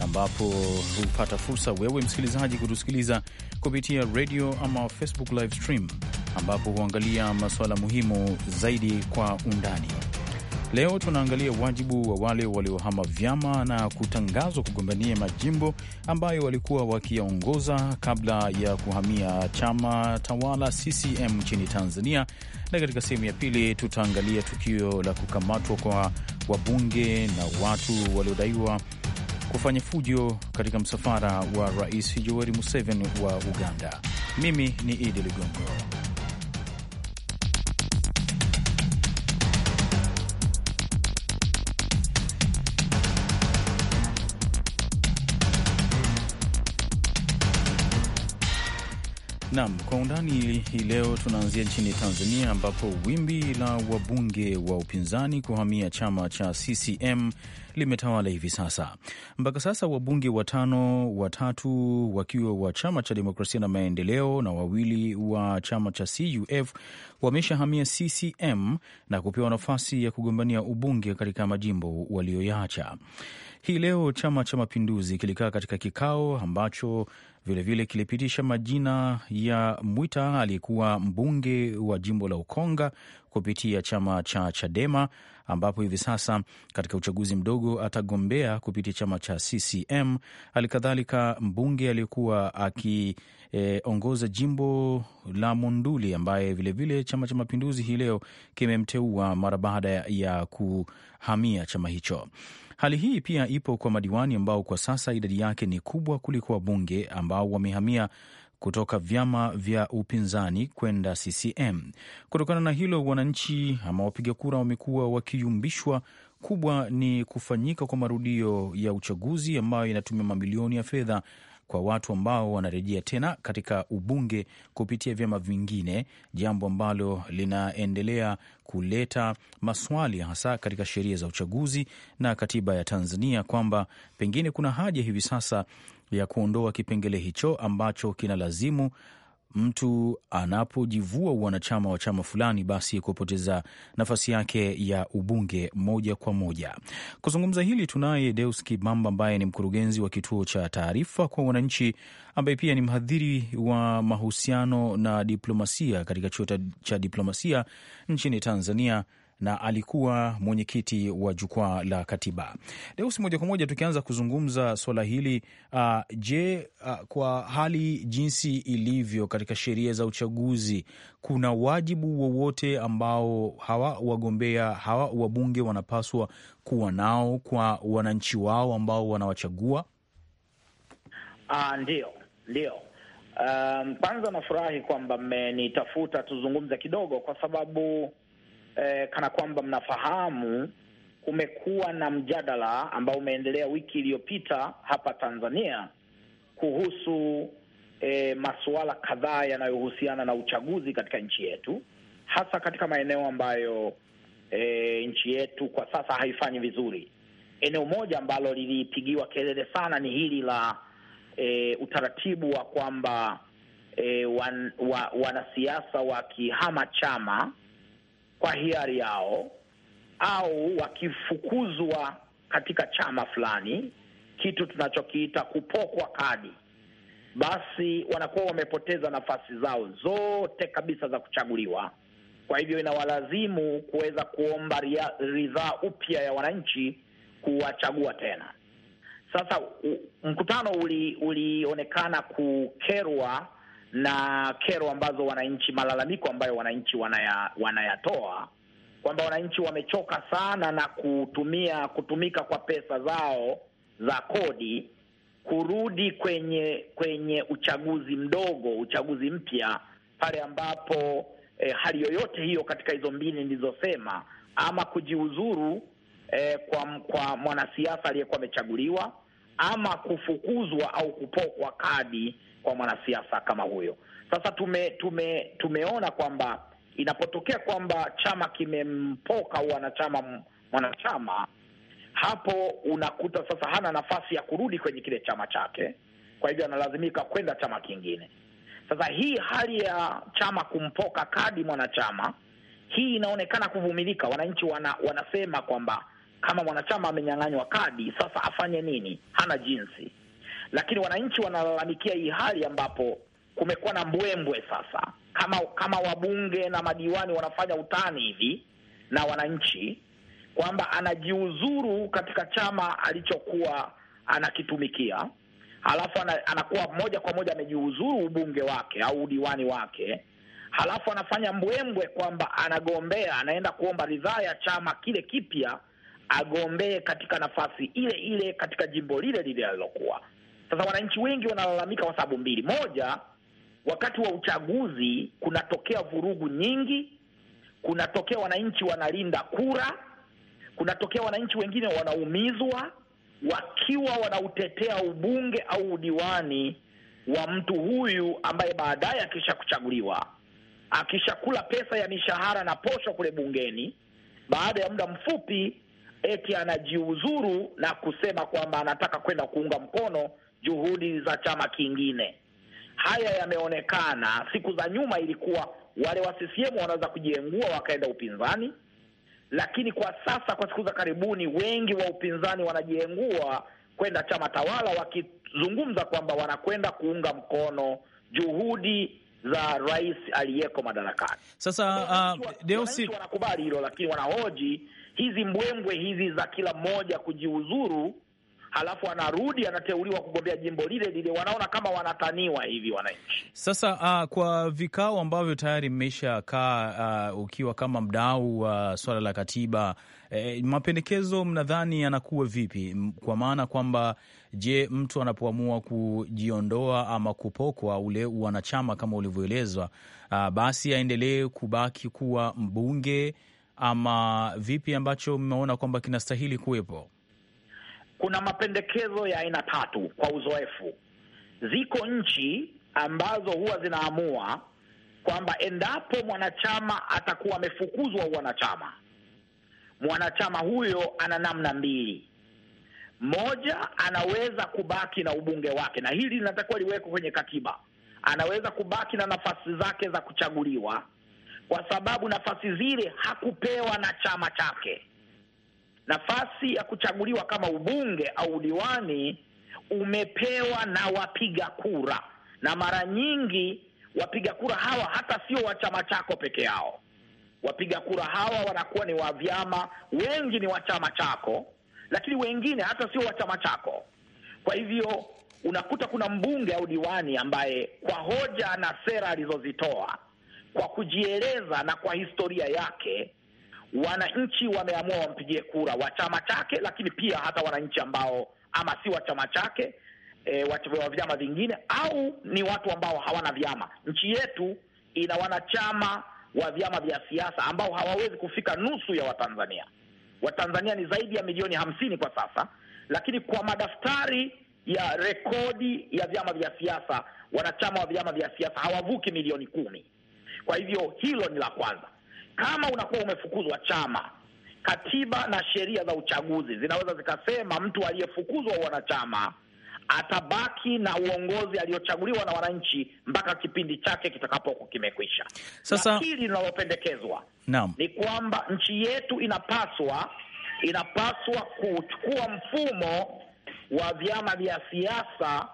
ambapo hupata fursa wewe msikilizaji kutusikiliza kupitia radio ama Facebook live stream, ambapo huangalia masuala muhimu zaidi kwa undani. Leo tunaangalia wajibu wa wale waliohama vyama na kutangazwa kugombania majimbo ambayo walikuwa wakiyaongoza kabla ya kuhamia chama tawala CCM nchini Tanzania, na katika sehemu ya pili tutaangalia tukio la kukamatwa kwa wabunge na watu waliodaiwa kufanya fujo katika msafara wa Rais Yoweri Museveni wa Uganda. Mimi ni Idi Ligongo. Naam, kwa undani hii leo tunaanzia nchini Tanzania ambapo wimbi la wabunge wa upinzani kuhamia chama cha CCM limetawala hivi sasa. Mpaka sasa wabunge watano, watatu wakiwa wa chama cha demokrasia na maendeleo na wawili wa chama cha CUF wameshahamia CCM na kupewa nafasi ya kugombania ubunge katika majimbo waliyoyaacha Hii leo Chama cha Mapinduzi kilikaa katika kikao ambacho vilevile kilipitisha majina ya Mwita aliyekuwa mbunge wa jimbo la Ukonga kupitia chama cha Chadema, ambapo hivi sasa katika uchaguzi mdogo atagombea kupitia chama cha CCM. Halikadhalika, mbunge aliyekuwa akiongoza e, jimbo la Monduli, ambaye vilevile vile chama cha Mapinduzi hii leo kimemteua mara baada ya kuhamia chama hicho. Hali hii pia ipo kwa madiwani ambao kwa sasa idadi yake ni kubwa kuliko wabunge ambao wamehamia kutoka vyama vya upinzani kwenda CCM. Kutokana na hilo, wananchi ama wapiga kura wamekuwa wakiyumbishwa. Kubwa ni kufanyika kwa marudio ya uchaguzi ambayo inatumia mamilioni ya fedha kwa watu ambao wanarejea tena katika ubunge kupitia vyama vingine, jambo ambalo linaendelea kuleta maswali hasa katika sheria za uchaguzi na katiba ya Tanzania kwamba pengine kuna haja hivi sasa ya kuondoa kipengele hicho ambacho kinalazimu mtu anapojivua wanachama wa chama fulani, basi kupoteza nafasi yake ya ubunge moja kwa moja. Kuzungumza hili tunaye Deus Kibamba ambaye ni mkurugenzi wa kituo cha taarifa kwa wananchi ambaye pia ni mhadhiri wa mahusiano na diplomasia katika chuo cha diplomasia nchini Tanzania na alikuwa mwenyekiti wa jukwaa la katiba. Deus, moja kwa moja tukianza kuzungumza swala hili uh, je, uh, kwa hali jinsi ilivyo katika sheria za uchaguzi, kuna wajibu wowote ambao hawa wagombea hawa wabunge wanapaswa kuwa nao kwa wananchi wao ambao wanawachagua? Uh, ndio, ndio. Um, kwanza um, nafurahi kwamba mmenitafuta tuzungumze kidogo, kwa sababu eh, kana kwamba mnafahamu kumekuwa na mjadala ambao umeendelea wiki iliyopita hapa Tanzania kuhusu eh, masuala kadhaa yanayohusiana na uchaguzi katika nchi yetu, hasa katika maeneo ambayo eh, nchi yetu kwa sasa haifanyi vizuri. Eneo moja ambalo lilipigiwa kelele sana ni hili la eh, utaratibu wa kwamba eh, wan, wa, wanasiasa wakihama chama kwa hiari yao au wakifukuzwa katika chama fulani, kitu tunachokiita kupokwa kadi, basi wanakuwa wamepoteza nafasi zao zote kabisa za kuchaguliwa. Kwa hivyo inawalazimu kuweza kuomba ridhaa upya ya wananchi kuwachagua tena. Sasa mkutano ulionekana uli kukerwa na kero ambazo wananchi, malalamiko ambayo wananchi wanaya, wanayatoa kwamba wananchi wamechoka sana na kutumia kutumika kwa pesa zao za kodi kurudi kwenye kwenye uchaguzi mdogo, uchaguzi mpya pale ambapo eh, hali yoyote hiyo katika hizo mbili nilizosema, ama kujiuzuru eh, kwa kwa mwanasiasa aliyekuwa amechaguliwa ama kufukuzwa au kupokwa kadi kwa mwanasiasa kama huyo. Sasa tume, tume, tumeona kwamba inapotokea kwamba chama kimempoka wanachama mwanachama, hapo unakuta sasa hana nafasi ya kurudi kwenye kile chama chake, kwa hivyo analazimika kwenda chama kingine. Sasa hii hali ya chama kumpoka kadi mwanachama, hii inaonekana kuvumilika. Wananchi wana, wanasema kwamba kama mwanachama amenyang'anywa kadi, sasa afanye nini? Hana jinsi lakini wananchi wanalalamikia hii hali ambapo kumekuwa na mbwembwe sasa, kama kama wabunge na madiwani wanafanya utani hivi na wananchi kwamba anajiuzuru katika chama alichokuwa anakitumikia, halafu anakuwa moja kwa moja amejiuzuru ubunge wake au udiwani wake, halafu anafanya mbwembwe kwamba anagombea, anaenda kuomba ridhaa ya chama kile kipya agombee katika nafasi ile ile katika jimbo lile lile alilokuwa. Sasa wananchi wengi wanalalamika kwa sababu mbili. Moja, wakati wa uchaguzi kunatokea vurugu nyingi, kunatokea wananchi wanalinda kura, kunatokea wananchi wengine wanaumizwa wakiwa wanautetea ubunge au udiwani wa mtu huyu ambaye baadaye akisha kuchaguliwa akishakula pesa ya mishahara na posho kule bungeni, baada ya muda mfupi eti anajiuzuru na kusema kwamba anataka kwenda kuunga mkono juhudi za chama kingine. Haya yameonekana siku za nyuma, ilikuwa wale wa CCM wanaweza kujiengua wakaenda upinzani, lakini kwa sasa, kwa siku za karibuni, wengi wa upinzani wanajiengua kwenda chama tawala, wakizungumza kwamba wanakwenda kuunga mkono juhudi za rais aliyeko madarakani. Sasa uh, ah, Deusi wanakubali hilo, lakini wanahoji hizi mbwembwe hizi za kila mmoja kujiuzuru halafu anarudi anateuliwa kugombea jimbo lile lile. Wanaona kama wanataniwa hivi wananchi. Sasa uh, kwa vikao ambavyo tayari kaa uh, ukiwa kama mdau wa uh, swala la katiba eh, mapendekezo mnadhani yanakuwa vipi? Kwa maana kwamba je, mtu anapoamua kujiondoa ama kupokwa ule wanachama kama ulivyoelezwa, uh, basi aendelee kubaki kuwa mbunge ama vipi ambacho mmeona kwamba kinastahili kuwepo? kuna mapendekezo ya aina tatu kwa uzoefu. Ziko nchi ambazo huwa zinaamua kwamba endapo mwanachama atakuwa amefukuzwa uwanachama, mwanachama huyo ana namna mbili. Moja, anaweza kubaki na ubunge wake, na hili linatakiwa liwekwe kwenye katiba. Anaweza kubaki na nafasi zake za kuchaguliwa, kwa sababu nafasi zile hakupewa na chama chake nafasi ya kuchaguliwa kama ubunge au udiwani umepewa na wapiga kura, na mara nyingi wapiga kura hawa hata sio wa chama chako peke yao. Wapiga kura hawa wanakuwa ni wa vyama, wengi ni wa chama chako, lakini wengine hata sio wa chama chako. Kwa hivyo unakuta kuna mbunge au diwani ambaye kwa hoja na sera alizozitoa, kwa kujieleza na kwa historia yake wananchi wameamua wampigie kura wa chama chake, lakini pia hata wananchi ambao ama si wa chama chake e, wa vyama vingine au ni watu ambao hawana vyama. Nchi yetu ina wanachama wa vyama vya siasa ambao hawawezi kufika nusu ya Watanzania. Watanzania ni zaidi ya milioni hamsini kwa sasa, lakini kwa madaftari ya rekodi ya vyama vya siasa wanachama wa vyama vya siasa hawavuki milioni kumi. Kwa hivyo hilo ni la kwanza. Kama unakuwa umefukuzwa chama, katiba na sheria za uchaguzi zinaweza zikasema mtu aliyefukuzwa wanachama atabaki na uongozi aliyochaguliwa na wananchi mpaka kipindi chake kitakapokuwa kimekwisha. Sasa hili linalopendekezwa ni kwamba nchi yetu inapaswa inapaswa kuchukua mfumo wa vyama vya siasa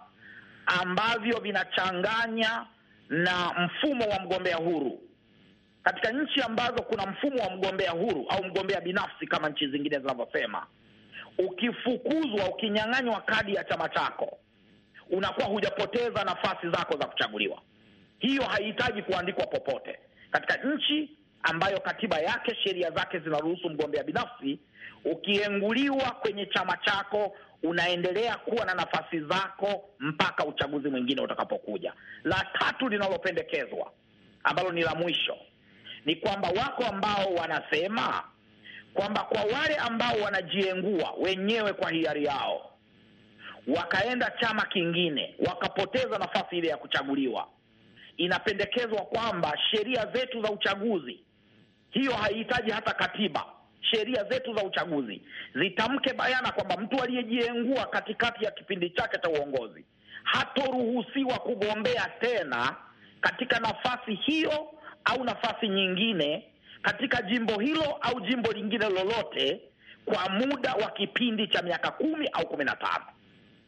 ambavyo vinachanganya na mfumo wa mgombea huru katika nchi ambazo kuna mfumo wa mgombea huru au mgombea binafsi kama nchi zingine zinavyosema, ukifukuzwa, ukinyang'anywa kadi ya chama chako, unakuwa hujapoteza nafasi zako za kuchaguliwa. Hiyo haihitaji kuandikwa popote. Katika nchi ambayo katiba yake, sheria zake zinaruhusu mgombea binafsi, ukienguliwa kwenye chama chako unaendelea kuwa na nafasi zako mpaka uchaguzi mwingine utakapokuja. La tatu linalopendekezwa ambalo ni la mwisho ni kwamba wako ambao wanasema kwamba kwa wale ambao wanajiengua wenyewe kwa hiari yao wakaenda chama kingine wakapoteza nafasi ile ya kuchaguliwa, inapendekezwa kwamba sheria zetu za uchaguzi, hiyo haihitaji hata katiba, sheria zetu za uchaguzi zitamke bayana kwamba mtu aliyejiengua katikati ya kipindi chake cha uongozi hatoruhusiwa kugombea tena katika nafasi hiyo au nafasi nyingine katika jimbo hilo au jimbo lingine lolote kwa muda wa kipindi cha miaka kumi au kumi na tano.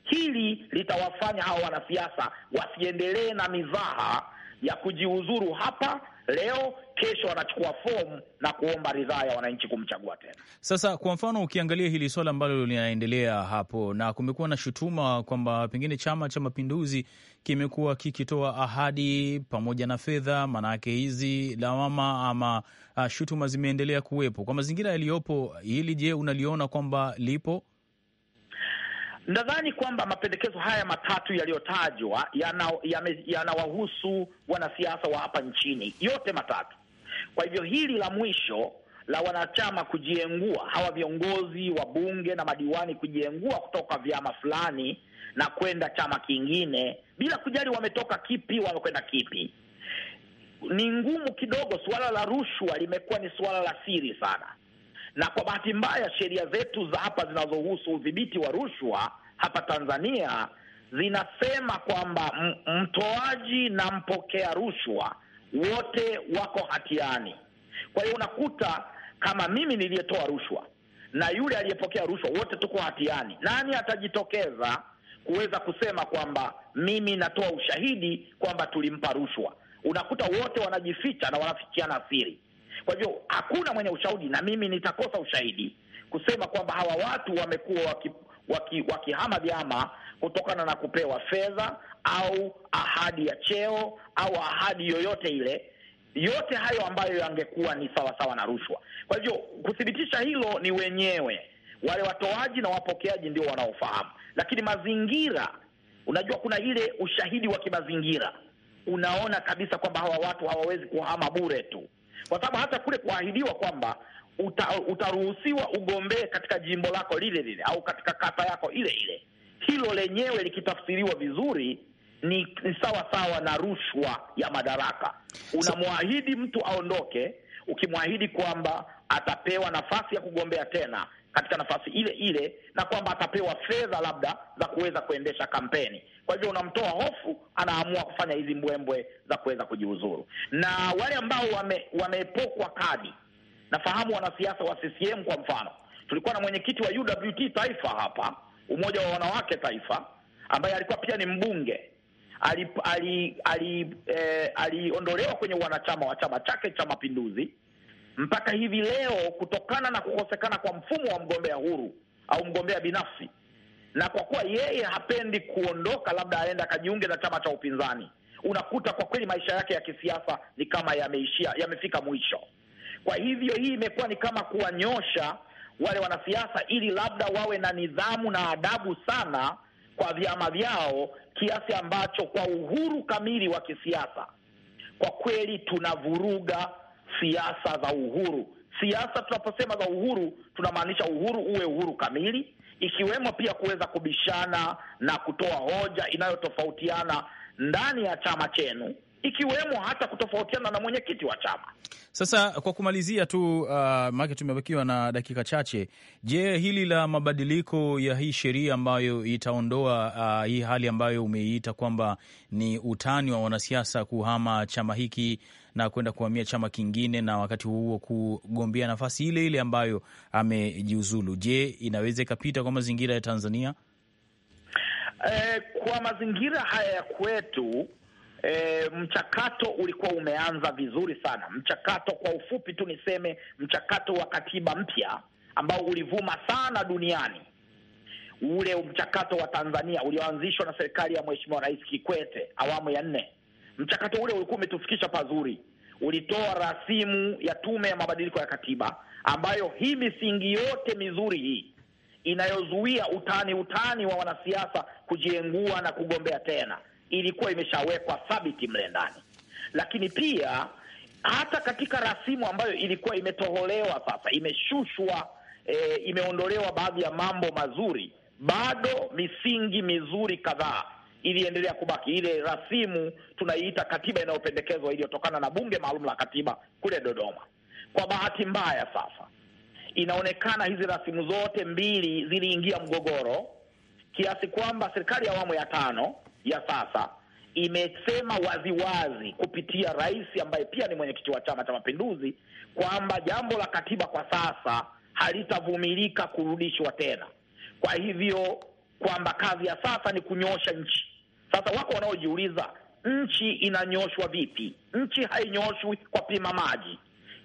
Hili litawafanya hawa wanasiasa wasiendelee na mizaha ya kujiuzuru hapa leo, kesho anachukua fomu na kuomba ridhaa ya wananchi kumchagua tena. Sasa kwa mfano, ukiangalia hili swala ambalo linaendelea hapo, na kumekuwa na shutuma kwamba pengine Chama cha Mapinduzi kimekuwa kikitoa ahadi pamoja na fedha, maanake hizi lawama ama ah, shutuma zimeendelea kuwepo kwa mazingira yaliyopo. Hili je, unaliona kwamba lipo? Nadhani kwamba mapendekezo haya matatu yaliyotajwa yanawahusu ya wanasiasa wa hapa nchini yote matatu. Kwa hivyo hili la mwisho la wanachama kujiengua, hawa viongozi wa bunge na madiwani kujiengua kutoka vyama fulani na kwenda chama kingine bila kujali wametoka kipi, wamekwenda kipi, ni ngumu kidogo. Suala la rushwa limekuwa ni suala la siri sana na kwa bahati mbaya sheria zetu za hapa zinazohusu udhibiti wa rushwa hapa Tanzania zinasema kwamba mtoaji na mpokea rushwa wote wako hatiani. Kwa hiyo unakuta kama mimi niliyetoa rushwa na yule aliyepokea rushwa wote tuko hatiani. Nani atajitokeza kuweza kusema kwamba mimi natoa ushahidi kwamba tulimpa rushwa? Unakuta wote wanajificha na wanafikiana siri. Kwa hivyo hakuna mwenye ushahidi, na mimi nitakosa ushahidi kusema kwamba hawa watu wamekuwa waki, waki, wakihama vyama kutokana na kupewa fedha au ahadi ya cheo au ahadi yoyote ile yote hayo ambayo yangekuwa ni sawa sawa na rushwa. Kwa hivyo kuthibitisha hilo ni wenyewe wale watoaji na wapokeaji ndio wanaofahamu, lakini mazingira, unajua, kuna ile ushahidi wa kimazingira, unaona kabisa kwamba hawa watu hawawezi kuhama bure tu kwa sababu hata kule kuahidiwa kwamba uta, utaruhusiwa ugombee katika jimbo lako lile lile au katika kata yako ile ile, hilo lenyewe likitafsiriwa vizuri ni, ni sawa sawa na rushwa ya madaraka. Unamwahidi mtu aondoke, ukimwahidi kwamba atapewa nafasi ya kugombea tena, katika nafasi ile ile, na kwamba atapewa fedha labda za kuweza kuendesha kampeni. Kwa hivyo unamtoa hofu, anaamua kufanya hizi mbwembwe za kuweza kujiuzuru. Na wale ambao wamepokwa kadi, nafahamu wanasiasa wa CCM kwa mfano, tulikuwa na mwenyekiti wa UWT taifa hapa, umoja wa wanawake taifa, ambaye alikuwa pia ni mbunge aliondolewa ali, ali, eh, ali kwenye wanachama wa chama chake cha Mapinduzi mpaka hivi leo, kutokana na kukosekana kwa mfumo wa mgombea huru au mgombea binafsi, na kwa kuwa yeye hapendi kuondoka, labda aenda akajiunge na chama cha upinzani, unakuta kwa kweli maisha yake ya kisiasa ni kama yameishia, yamefika mwisho. Kwa hivyo hii imekuwa ni kama kuwanyosha wale wanasiasa ili labda wawe na nidhamu na adabu sana kwa vyama vyao, kiasi ambacho kwa uhuru kamili wa kisiasa kwa kweli tunavuruga siasa za uhuru. Siasa tunaposema za uhuru, tunamaanisha uhuru uwe uhuru kamili, ikiwemo pia kuweza kubishana na kutoa hoja inayotofautiana ndani ya chama chenu ikiwemo hata kutofautiana na mwenyekiti wa chama. Sasa kwa kumalizia tu uh, maake tumebakiwa na dakika chache. Je, hili la mabadiliko ya hii sheria ambayo itaondoa uh, hii hali ambayo umeiita kwamba ni utani wa wanasiasa kuhama chama hiki na kwenda kuhamia chama kingine na wakati huo kugombea nafasi ile ile ambayo amejiuzulu, je, inaweza ikapita kwa mazingira ya Tanzania? Eh, kwa mazingira haya ya kwetu E, mchakato ulikuwa umeanza vizuri sana. Mchakato kwa ufupi tu niseme mchakato wa katiba mpya ambao ulivuma sana duniani, ule mchakato wa Tanzania ulioanzishwa na serikali ya Mheshimiwa Rais Kikwete awamu ya nne. Mchakato ule ulikuwa umetufikisha pazuri, ulitoa rasimu ya tume ya mabadiliko ya katiba ambayo hii misingi yote mizuri hii inayozuia utani utani wa wanasiasa kujiengua na kugombea tena ilikuwa imeshawekwa thabiti mle ndani, lakini pia hata katika rasimu ambayo ilikuwa imetoholewa sasa, imeshushwa e, imeondolewa baadhi ya mambo mazuri, bado misingi mizuri kadhaa iliendelea kubaki. Ile rasimu tunaiita katiba inayopendekezwa iliyotokana na bunge maalum la katiba kule Dodoma. Kwa bahati mbaya sasa inaonekana hizi rasimu zote mbili ziliingia mgogoro kiasi kwamba serikali ya awamu ya tano ya sasa imesema waziwazi kupitia rais ambaye pia ni mwenyekiti wa Chama cha Mapinduzi kwamba jambo la katiba kwa sasa halitavumilika kurudishwa tena. Kwa hivyo kwamba kazi ya sasa ni kunyosha nchi. Sasa wako wanaojiuliza nchi inanyoshwa vipi? Nchi hainyoshwi kwa pima maji,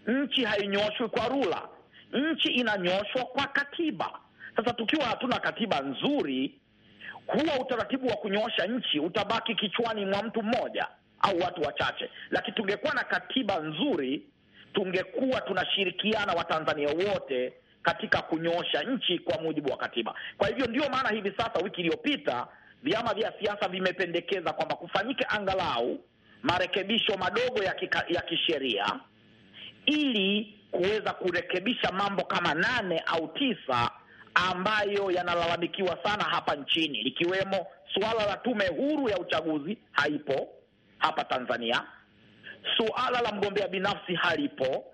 nchi hainyoshwi kwa rula, nchi inanyoshwa kwa katiba. Sasa tukiwa hatuna katiba nzuri huwa utaratibu wa kunyoosha nchi utabaki kichwani mwa mtu mmoja au watu wachache, lakini tungekuwa na katiba nzuri, tungekuwa tunashirikiana Watanzania wote katika kunyoosha nchi kwa mujibu wa katiba. Kwa hivyo ndiyo maana hivi sasa, wiki iliyopita, vyama vya siasa vimependekeza kwamba kufanyike angalau marekebisho madogo ya, kika, ya kisheria ili kuweza kurekebisha mambo kama nane au tisa ambayo yanalalamikiwa sana hapa nchini likiwemo suala la tume huru ya uchaguzi haipo hapa Tanzania, suala la mgombea binafsi halipo,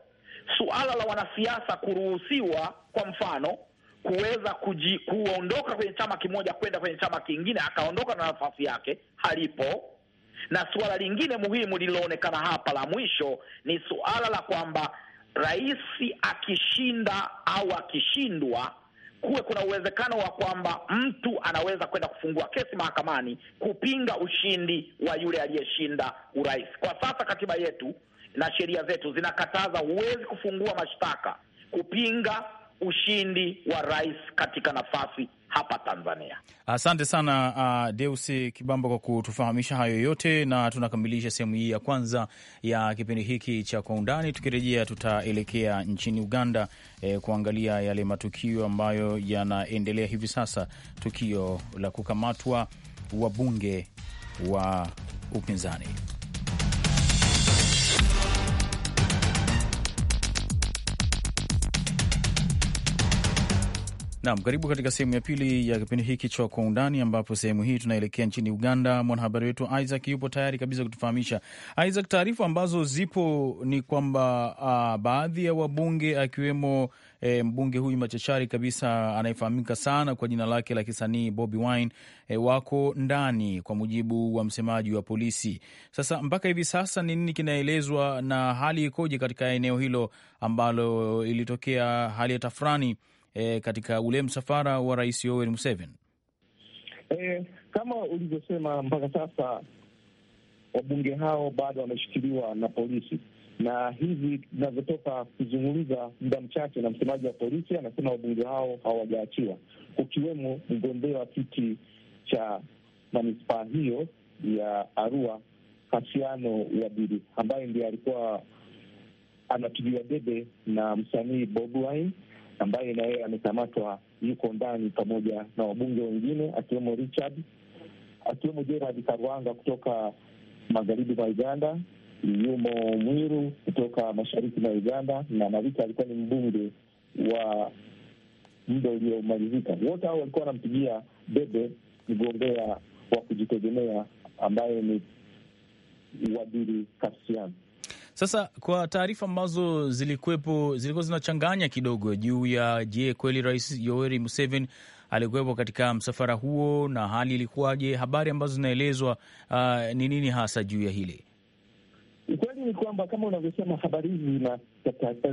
suala la wanasiasa kuruhusiwa, kwa mfano, kuweza kuji, kuondoka kwenye chama kimoja kwenda kwenye chama kingine akaondoka na nafasi yake halipo, na suala lingine muhimu lililoonekana hapa la mwisho ni suala la kwamba rais akishinda au akishindwa kuwe kuna uwezekano wa kwamba mtu anaweza kwenda kufungua kesi mahakamani kupinga ushindi wa yule aliyeshinda urais. Kwa sasa katiba yetu na sheria zetu zinakataza, huwezi kufungua mashtaka kupinga ushindi wa rais katika nafasi hapa Tanzania. Asante sana uh, Deus Kibamba kwa kutufahamisha hayo yote, na tunakamilisha sehemu hii ya kwanza ya kipindi hiki cha Kwa Undani. Tukirejea tutaelekea nchini Uganda eh, kuangalia yale matukio ambayo yanaendelea hivi sasa, tukio la kukamatwa wabunge wa upinzani. Naam, karibu katika sehemu ya pili ya kipindi hiki cha Kwa Undani, ambapo sehemu hii tunaelekea nchini Uganda. Mwanahabari wetu Isaac yupo tayari kabisa kutufahamisha. Isaac, taarifa ambazo zipo ni kwamba uh, baadhi ya wabunge akiwemo E, mbunge huyu machachari kabisa anayefahamika sana kwa jina lake la kisanii Bobi Wine e, wako ndani, kwa mujibu wa msemaji wa polisi. Sasa mpaka hivi sasa ni nini kinaelezwa na hali ikoje katika eneo hilo ambalo ilitokea hali ya tafrani e, katika ule msafara wa Rais Yoweri Museveni? E, kama ulivyosema, mpaka sasa wabunge hao bado wameshikiliwa na polisi, na hivi tunavyotoka kuzungumza muda mchache na msemaji wa polisi anasema wabunge hao hawajaachiwa, kukiwemo mgombea wa kiti cha manispaa hiyo ya Arua Kasiano Bili ambaye ndiye alikuwa anatupiwa debe na msanii Bobi Wine ambaye na yeye amekamatwa, yuko ndani pamoja na wabunge wengine akiwemo Richard, akiwemo Gerard Karwanga kutoka magharibi mwa Uganda, yumo Mwiru kutoka mashariki mwa Uganda na Marika alikuwa ni mbunge wa muda uliomalizika. Wote hao walikuwa wanampigia debe mgombea wa kujitegemea ambaye ni Wadili Kasiani. Sasa kwa taarifa ambazo zilikuwepo zilikuwa zinachanganya kidogo juu ya je, kweli Rais Yoweri Museveni alikuwepo katika msafara huo na hali ilikuwaje? Habari ambazo zinaelezwa ah, ni nini hasa juu ya hili? Ukweli ni kwamba kama unavyosema, habari hizi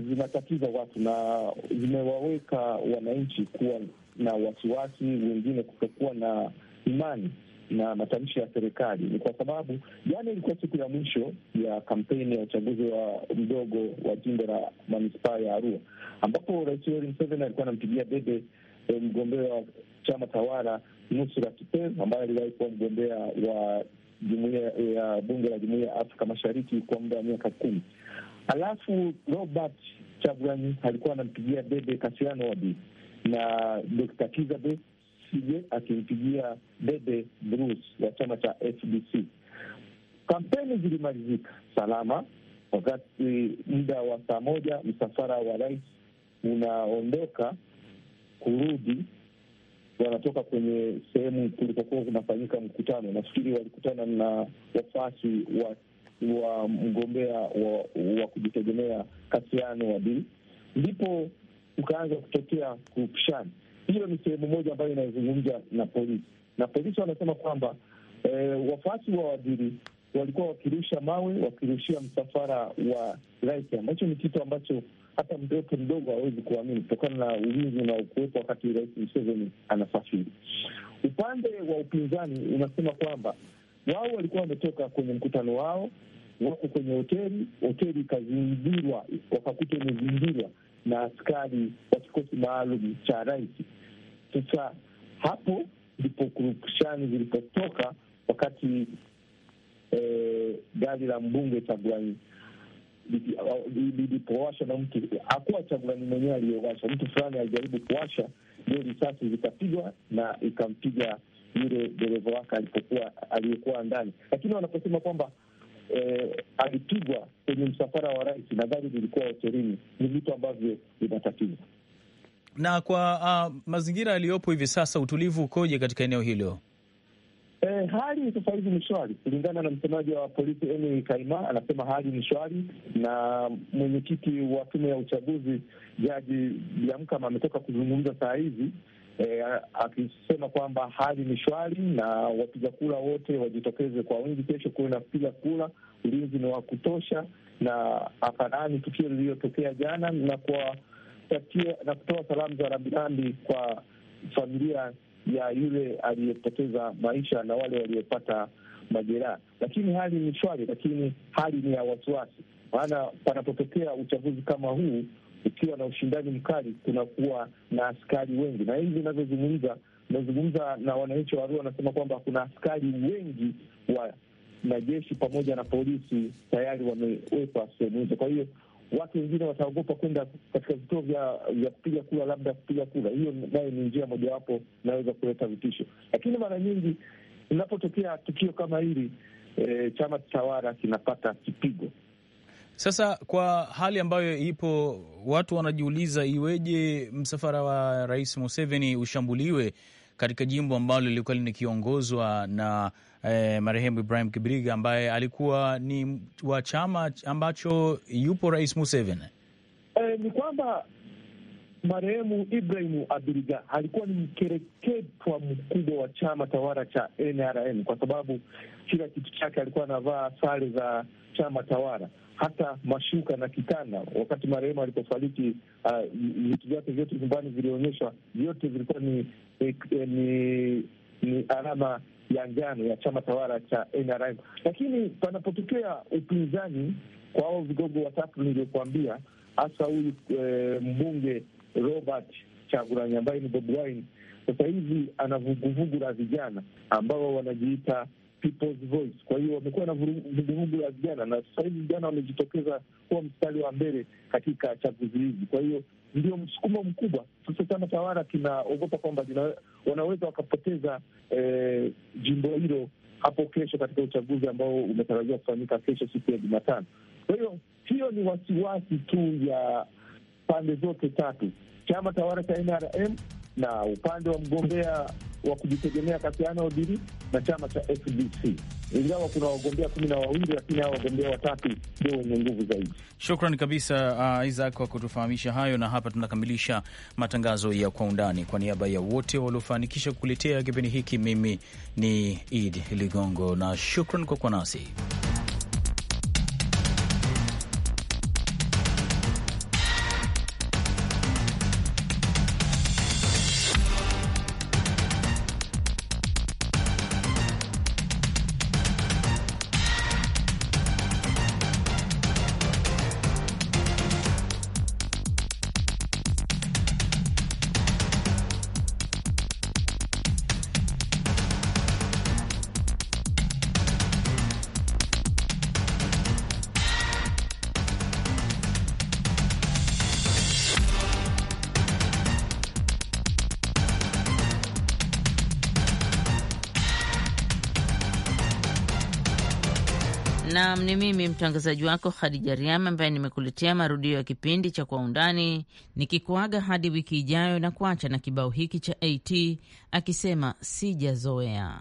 zinatatiza watu na zimewaweka wananchi kuwa na wasiwasi, wengine kutokuwa na imani na matamshi ya serikali ni kwa sababu jana ilikuwa siku ya mwisho ya kampeni ya uchaguzi wa mdogo wa jimbo la manispaa ya Arua, ambapo Rais Yoweri Museveni alikuwa anampigia debe eh, mgombea wa chama tawala Nusra kipe ambaye aliwahi kuwa mgombea wa jumuia ya bunge la jumuia ya Afrika Mashariki kwa muda wa miaka kumi. Alafu Robert Chagulanyi alikuwa anampigia debe Kasiano Wadri na Dkt. Kizabe Besigye akimpigia Bebe Bruce wa chama cha FDC. Kampeni zilimalizika salama. Wakati muda wa saa moja msafara wa rais unaondoka kurudi, wanatoka kwenye sehemu kulikokuwa kunafanyika mkutano. Nafikiri walikutana na wafuasi wa wa mgombea wa, wa kujitegemea Kasiano Wadri, ndipo ukaanza kutokea kupishana hiyo ni sehemu moja ambayo inayozungumza na polisi, na polisi wanasema kwamba e, wafuasi wa waziri walikuwa wakirusha mawe, wakirushia msafara wa rais, ambacho ni kitu ambacho hata mtoto mdogo hawezi kuamini kutokana na ulinzi unaokuwepo wakati Rais Museveni anasafiri. Upande wa upinzani unasema kwamba wao walikuwa wametoka kwenye mkutano wao, wako kwenye hoteli, hoteli ikazingirwa, wakakuta imezingirwa na askari wa kikosi maalum cha rais sasa hapo ndipo kurukushani zilipotoka wakati eh, gari la mbunge Chagulani lilipowashwa na mtu, hakuwa Chagulani mwenyewe aliyowasha, mtu fulani alijaribu kuwasha, ndio risasi zikapigwa na ikampiga yule dereva wake alipokuwa aliyekuwa ndani. Lakini wanaposema kwamba e, alipigwa kwenye msafara wa rais na gari lilikuwa hotelini, ni vitu ambavyo vinatatiza na kwa uh, mazingira yaliyopo hivi sasa, utulivu ukoje katika eneo hilo? E, hali sasa hivi ni shwari kulingana na msemaji wa polisi Emil Kaima anasema hali ni shwari, na mwenyekiti wa tume ya uchaguzi Jaji Biamkama ametoka kuzungumza saa hizi e, akisema kwamba hali ni shwari na wapiga kura wote wajitokeze kwa wingi kesho kuwe na kupiga kura. Ulinzi ni wa kutosha na afanani tukio liliyotokea jana na kwa na kutoa salamu za rambirambi kwa familia ya yule aliyepoteza maisha na wale waliopata majeraha. Lakini hali ni shwari, lakini hali ni ya wasiwasi, maana panapotokea uchaguzi kama huu ukiwa na ushindani mkali, kunakuwa na askari wengi, na hivi inavyozungumza nazungumza na wananchi wa Arua, wanasema kwamba kuna askari wengi wa na jeshi pamoja na polisi tayari wamewekwa sehemu hizo. Kwa hiyo watu wengine wataogopa kwenda katika vituo vya vya kupiga kura, labda kupiga kura. Hiyo nayo ni njia mojawapo inaweza kuleta vitisho, lakini mara nyingi inapotokea tukio kama hili e, chama tawala kinapata kipigo. Sasa kwa hali ambayo ipo, watu wanajiuliza iweje msafara wa Rais Museveni ushambuliwe katika jimbo ambalo lilikuwa linakiongozwa na eh, marehemu Ibrahim Kibiriga ambaye alikuwa ni wa chama ambacho yupo Rais Museveni. E, ni kwamba marehemu Ibrahimu Abiriga alikuwa ni mkereketwa mkubwa wa chama tawala cha NRM kwa sababu kila kitu chake alikuwa anavaa sare za chama tawala hata mashuka na kitanda. Wakati marehemu alipofariki, ah, vitu uh, vyake vyote nyumbani vilionyeshwa, vyote vilikuwa ni, eh, eh, ni ni alama ya njano ya chama tawala cha NRM. Lakini panapotokea upinzani kwa hao vigogo watatu niliokuambia, hasa huyu eh, mbunge Robert Chaguranyi ambaye ni Bobi Wine, sasa hivi ana vuguvugu la vijana ambao wanajiita people's voice. Kwa hiyo wamekuwa na vuguvugu la vijana, na sasa hivi vijana wamejitokeza kuwa mstari wa mbele katika chaguzi hizi. Kwa hiyo ndio msukumo mkubwa sasa. Chama tawala kinaogopa kwamba wanaweza wakapoteza eh, jimbo hilo hapo kesho katika uchaguzi ambao umetarajiwa kufanyika kesho siku ya Jumatano. Kwa hiyo hiyo ni wasiwasi tu ya pande zote tatu, chama tawala cha NRM na upande wa mgombea wa kujitegemea kati ya anaodiri na chama cha FDC. Ingawa kuna wagombea kumi na wawili, lakini hawa wagombea watatu ndio wenye nguvu zaidi. Shukran kabisa, uh, Isaac kwa kutufahamisha hayo, na hapa tunakamilisha matangazo ya Kwa Undani. Kwa niaba ya wote waliofanikisha kukuletea kipindi hiki, mimi ni Idi Ligongo na shukran kwa kuwa nasi. ni mimi mtangazaji wako Khadija riama ambaye nimekuletea marudio ya kipindi cha Kwa Undani, nikikuaga hadi wiki ijayo, na kuacha na kibao hiki cha AT akisema sijazoea.